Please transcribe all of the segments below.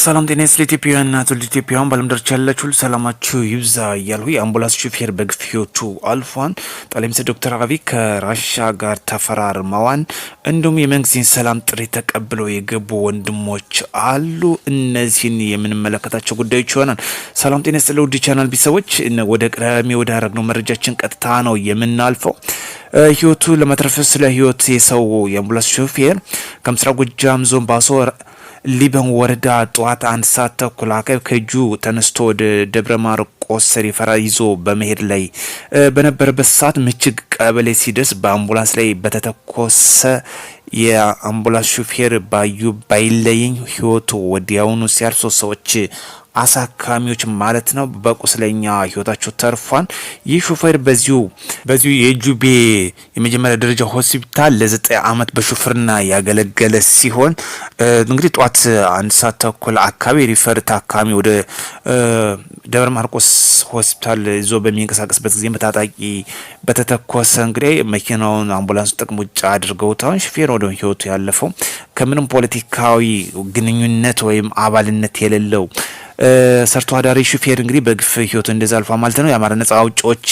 ሰላም ጤና ስለኢትዮጵያውያንና ትውልደ ኢትዮጵያውያን በዓለም ዳርቻ ያላችሁ ሁሉ ሰላማችሁ ይብዛ እያልሁ የአምቡላንስ ሹፌር በግፍ አልፏን። ጠቅላይ ሚኒስትር ዶክተር አብይ ከራሻ ጋር ተፈራርመዋን። እንዲሁም የመንግስትን ሰላም ጥሪ ተቀብለው የገቡ ወንድሞች አሉ። እነዚህን የምንመለከታቸው ጉዳዮች ይሆናል። ሰላም ጤና ስለ ውድ ቻናል ቤተሰቦች ወደ ቅዳሜ ወደ አረግነው መረጃችን ቀጥታ ነው የምናልፈው። ህይወቱ ለመትረፍ ስለ ህይወት የሰው የአምቡላንስ ሹፌር ከምስራቅ ጎጃም ዞን ባሶ ሊበን ወረዳ ጠዋት አንድ ሰዓት ተኩል አካባቢ ከእጁ ተነስቶ ወደ ደብረ ማርቆስ ሰሪፈራ ይዞ በመሄድ ላይ በነበረበት ሰዓት ምችግ ቀበሌ ሲደርስ በአምቡላንስ ላይ በተተኮሰ የአምቡላንስ ሹፌር ባዩ ባይለይኝ ህይወቱ ወዲያውኑ ሲያርሶ ሰዎች አሳካሚዎች ማለት ነው። በቁስለኛ ህይወታቸው ተርፏል። ይህ ሹፌር በዚሁ በዚሁ የጁቤ የመጀመሪያ ደረጃ ሆስፒታል ለዘጠኝ አመት በሹፍርና ያገለገለ ሲሆን እንግዲህ ጧት አንድ ሰዓት ተኩል አካባቢ ሪፈር ታካሚ ወደ ደብረ ማርቆስ ሆስፒታል ይዞ በሚንቀሳቀስበት ጊዜ በታጣቂ በተተኮሰ እንግዲህ መኪናውን አምቡላንሱ ጥቅም ውጭ አድርገውታል። ሹፌር ወደ ህይወቱ ያለፈው ከምንም ፖለቲካዊ ግንኙነት ወይም አባልነት የሌለው ሰርቶ አዳሪ ሹፌር እንግዲህ በግፍ ህይወቱ እንደዛ አልፏ ማለት ነው። የአማራ ነጻ አውጪዎች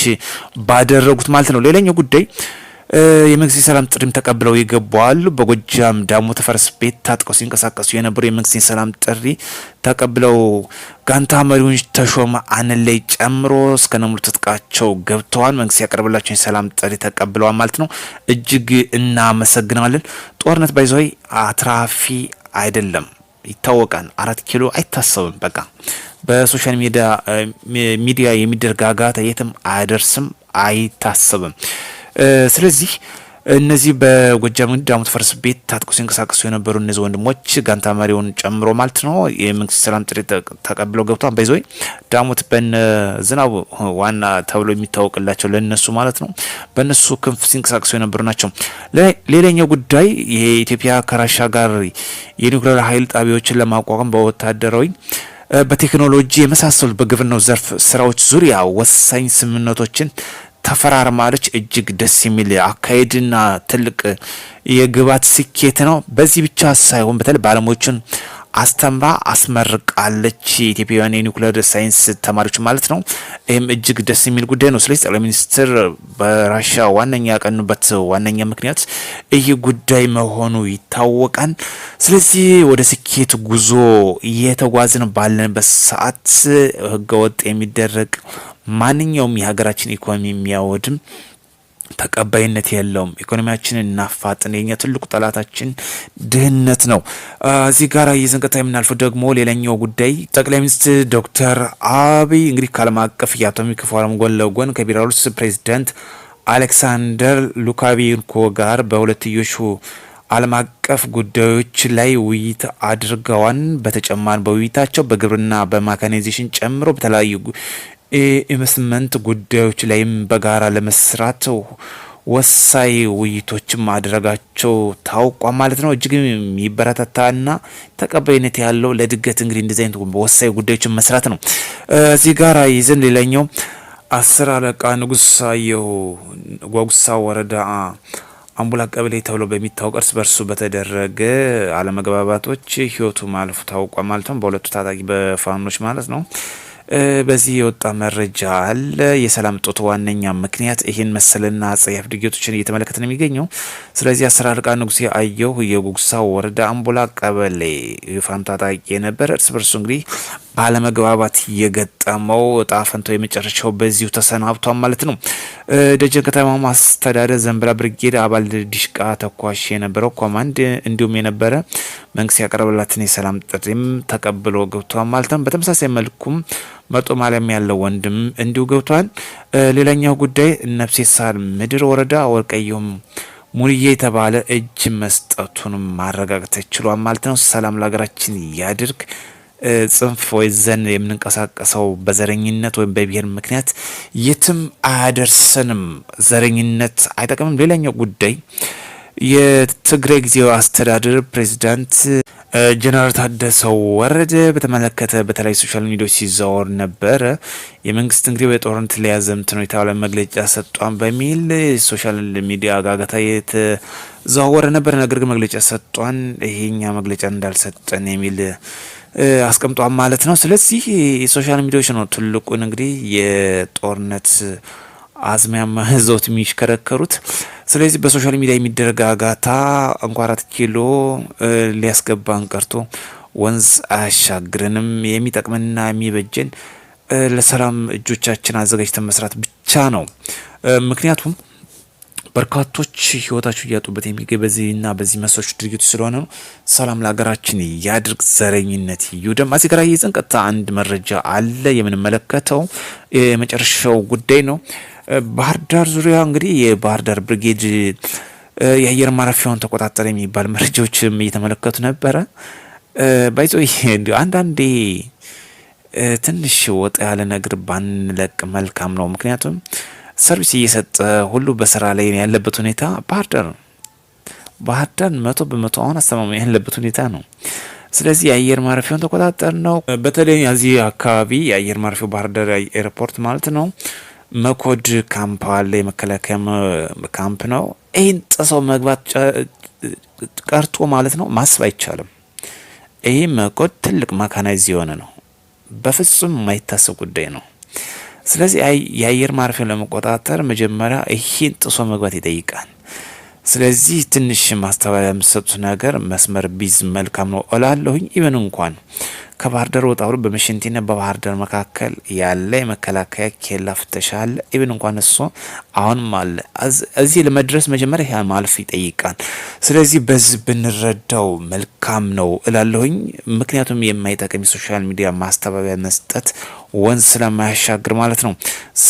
ባደረጉት ማለት ነው። ሌላኛው ጉዳይ የመንግስት ሰላም ጥሪም ተቀብለው ይገባዋሉ። በጎጃም ዳሞ ተፈረስ ቤት ታጥቀው ሲንቀሳቀሱ የነበሩ የመንግስት ሰላም ጥሪ ተቀብለው ጋንታ መሪውን ተሾመ አንለይ ጨምሮ እስከ ነሙሉ ትጥቃቸው ገብተዋል። መንግስት ያቀርብላቸውን የሰላም ጥሪ ተቀብለዋል ማለት ነው። እጅግ እናመሰግናለን። ጦርነት ባይዘይ አትራፊ አይደለም። ይታወቃል። አራት ኪሎ አይታሰብም። በቃ በሶሻል ሚዲያ የሚደረግ የትም አያደርስም፣ አይታሰብም። ስለዚህ እነዚህ በጎጃም ዳሞት ፈርስ ቤት ታጥቆ ሲንቀሳቀሱ የነበሩ እነዚህ ወንድሞች ጋንታ መሪውን ጨምሮ ማለት ነው የመንግስት ሰላም ጥሪ ተቀብለው ገብቷን በይዞ ዳሞት በነ ዝናቡ ዋና ተብሎ የሚታወቅላቸው ለነሱ ማለት ነው በነሱ ክንፍ ሲንቀሳቀሱ የነበሩ ናቸው። ሌላኛው ጉዳይ የኢትዮጵያ ከራሻ ጋር የኒውክሌር ኃይል ጣቢያዎችን ለማቋቋም በወታደራዊ በቴክኖሎጂ የመሳሰሉት በግብርናው ዘርፍ ስራዎች ዙሪያ ወሳኝ ስምምነቶችን ተፈራርማለች። እጅግ ደስ የሚል አካሄድና ትልቅ የግባት ስኬት ነው። በዚህ ብቻ ሳይሆን በተለይ ባለሙያዎችን አስተምራ አስመርቃለች። የኢትዮጵያውያን የኒውክሌር ሳይንስ ተማሪዎች ማለት ነው። ይህም እጅግ ደስ የሚል ጉዳይ ነው። ስለዚህ ጠቅላይ ሚኒስትር በራሻ ዋነኛ ያቀኑበት ዋነኛ ምክንያት ይህ ጉዳይ መሆኑ ይታወቃል። ስለዚህ ወደ ስኬት ጉዞ እየተጓዝን ባለንበት ሰዓት ህገወጥ የሚደረግ ማንኛውም የሀገራችን ኢኮኖሚ የሚያወድም ተቀባይነት የለውም። ኢኮኖሚያችንን እናፋጥን። የኛ ትልቁ ጠላታችን ድህነት ነው። እዚህ ጋር የዘንቀታ የምናልፈው ደግሞ ሌላኛው ጉዳይ ጠቅላይ ሚኒስትር ዶክተር አብይ እንግዲህ ከዓለም አቀፍ የአቶሚክ ፎረም ጎን ለጎን ከቤላሩስ ፕሬዚደንት አሌክሳንደር ሉካሼንኮ ጋር በሁለትዮሹ ዓለም አቀፍ ጉዳዮች ላይ ውይይት አድርገዋል። በተጨማሪ በውይይታቸው በግብርና በሜካናይዜሽን ጨምሮ በተለያዩ የኢንቨስትመንት ጉዳዮች ላይም በጋራ ለመስራት ወሳኝ ውይይቶችም ማድረጋቸው ታውቋል ማለት ነው። እጅግ የሚበረታታና ተቀባይነት ያለው ለእድገት እንግዲህ እንደዚህ አይነት ወሳኝ ጉዳዮችን መስራት ነው። እዚህ ጋር ይዘን ሌላኛው አስር አለቃ ንጉሳየው ጓጉሳ ወረዳ አምቡላ ቀበሌ ተብሎ በሚታወቅ እርስ በርሱ በተደረገ አለመግባባቶች ህይወቱ ማለፉ ታውቋል ማለት ነው። በሁለቱ ታጣቂ በፋኖች ማለት ነው። በዚህ የወጣ መረጃ አለ። የሰላም እጦት ዋነኛ ምክንያት ይህን መሰልና ጸያፍ ድርጊቶችን እየተመለከት ነው የሚገኘው። ስለዚህ አሰራር ቃ ንጉሴ አየሁ የጉጉሳ ወረዳ አምቦላ ቀበሌ ዩፋም ታጣቂ የነበረ እርስ በርሱ እንግዲህ ባለመግባባት የገጠመው እጣ ፈንታው የመጨረሻው በዚሁ ተሰናብቷል ማለት ነው። ደጀን ከተማ ማስተዳደር ዘንብላ ብርጌድ አባል ዲሽቃ ተኳሽ የነበረው ኮማንድ እንዲሁም የነበረ መንግስት ያቀረበላትን የሰላም ጥሪም ተቀብሎ ገብቷል ማለት ነው። በተመሳሳይ መልኩም መጦ ማለም ያለው ወንድም እንዲሁ ገብቷል። ሌላኛው ጉዳይ ነፍሴ ሳል ምድር ወረዳ ወርቀየሁም ሙልዬ የተባለ እጅ መስጠቱን ማረጋገጥ ተችሏል ማለት ነው። ሰላም ለሀገራችን ያድርግ። ጽንፍ ወይ ዘን የምንንቀሳቀሰው በዘረኝነት ወይም በብሔር ምክንያት የትም አያደርሰንም። ዘረኝነት አይጠቅምም። ሌላኛው ጉዳይ የትግራይ ጊዜያዊ አስተዳደር ፕሬዚዳንት ጀነራል ታደሰ ወረደ በተመለከተ በተለይ ሶሻል ሚዲያዎች ሲዘዋወር ነበረ። የመንግስት እንግዲህ በጦርነት ሊያዘምት ነው የተባለ መግለጫ ሰጧን በሚል ሶሻል ሚዲያ ጋጋታ የተዘዋወረ ነበር። ነገር ግን መግለጫ ሰጧን ይሄኛ መግለጫ እንዳልሰጠን የሚል አስቀምጧን ማለት ነው። ስለዚህ ሶሻል ሚዲያዎች ነው ትልቁን እንግዲህ የጦርነት አዝማሚያ ይዘውት የሚሽከረከሩት። ስለዚህ በሶሻል ሚዲያ የሚደረግ አጋታ እንኳ አራት ኪሎ ሊያስገባን ቀርቶ ወንዝ አያሻግረንም። የሚጠቅምና የሚበጀን ለሰላም እጆቻችን አዘጋጅተን መስራት ብቻ ነው። ምክንያቱም በርካቶች ህይወታቸው እያጡበት የሚገኝ በዚህና በዚህ መሰሎች ድርጊቱ ስለሆነ ነው። ሰላም ለሀገራችን ያድርግ፣ ዘረኝነት ይውደም። አዚ ጋር ይዘን ቀጥታ አንድ መረጃ አለ የምንመለከተው የመጨረሻው ጉዳይ ነው። ባህር ዳር ዙሪያ እንግዲህ የባህር ዳር ብርጌድ የአየር ማረፊያውን ተቆጣጠረ የሚባል መረጃዎችም እየተመለከቱ ነበረ። ባይዞ እንዲ አንዳንዴ ትንሽ ወጣ ያለ ነገር ባንለቅ መልካም ነው። ምክንያቱም ሰርቪስ እየሰጠ ሁሉ በስራ ላይ ያለበት ሁኔታ ባህር ዳር ባህር ዳር መቶ በመቶ አሁን አስተማማኝ ያለበት ሁኔታ ነው። ስለዚህ የአየር ማረፊያውን ተቆጣጠር ነው። በተለይ እዚህ አካባቢ የአየር ማረፊያው ባህር ዳር ኤርፖርት ማለት ነው። መኮድ ካምፕ አለ፣ የመከላከያ ካምፕ ነው። ይህን ጥሰው መግባት ቀርቶ ማለት ነው ማሰብ አይቻልም። ይህ መኮድ ትልቅ ማካናይዝ የሆነ ነው። በፍጹም የማይታሰብ ጉዳይ ነው። ስለዚህ የአየር ማረፊያን ለመቆጣጠር መጀመሪያ ይህን ጥሶ መግባት ይጠይቃል። ስለዚህ ትንሽ ማስተባበያ የምሰጡት ነገር መስመር ቢዝ መልካም ነው እላለሁኝ። ኢቨን እንኳን ከባህር ዳር ወጣ ብሎ በመሸንቲና በባህር ዳር መካከል ያለ የመከላከያ ኬላ ፍተሻ አለ። ኢብን እንኳን እሱ አሁንም አለ። እዚህ ለመድረስ መጀመሪያ ያ ማለፍ ይጠይቃል። ስለዚህ በዚህ ብንረዳው መልካም ነው እላለሁኝ። ምክንያቱም የማይጠቅም የሶሻል ሚዲያ ማስተባበያ መስጠት ወንዝ ስለማያሻግር ማለት ነው።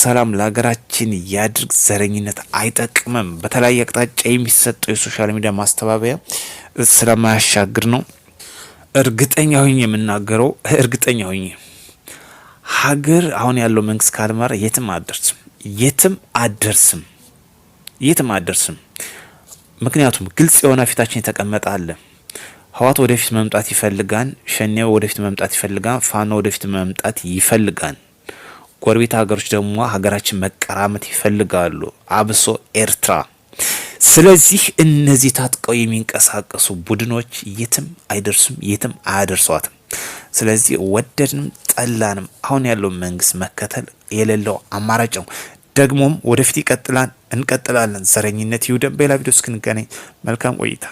ሰላም ለሀገራችን ያድርግ። ዘረኝነት አይጠቅምም። በተለያየ አቅጣጫ የሚሰጠው የሶሻል ሚዲያ ማስተባበያ ስለማያሻግር ነው። እርግጠኛ ሆኜ የምናገረው እርግጠኛ ሆኜ ሀገር አሁን ያለው መንግስት ካልመራ የትም አደርስም የትም አደርስም የትም አደርስም። ምክንያቱም ግልጽ የሆነ ፊታችን የተቀመጠ አለ። ህዋት ወደፊት መምጣት ይፈልጋን ሸኔው ወደፊት መምጣት ይፈልጋን፣ ፋኖ ወደፊት መምጣት ይፈልጋል። ጎረቤት ሀገሮች ደግሞ ሀገራችን መቀራመት ይፈልጋሉ። አብሶ ኤርትራ ስለዚህ እነዚህ ታጥቀው የሚንቀሳቀሱ ቡድኖች የትም አይደርሱም፣ የትም አያደርሷትም። ስለዚህ ወደድንም ጠላንም አሁን ያለው መንግስት መከተል የሌለው አማራጭ ነው። ደግሞም ወደፊት ይቀጥላል፣ እንቀጥላለን። ዘረኝነት ይውደም። በሌላ ቪዲዮ እስክንገናኝ መልካም ቆይታ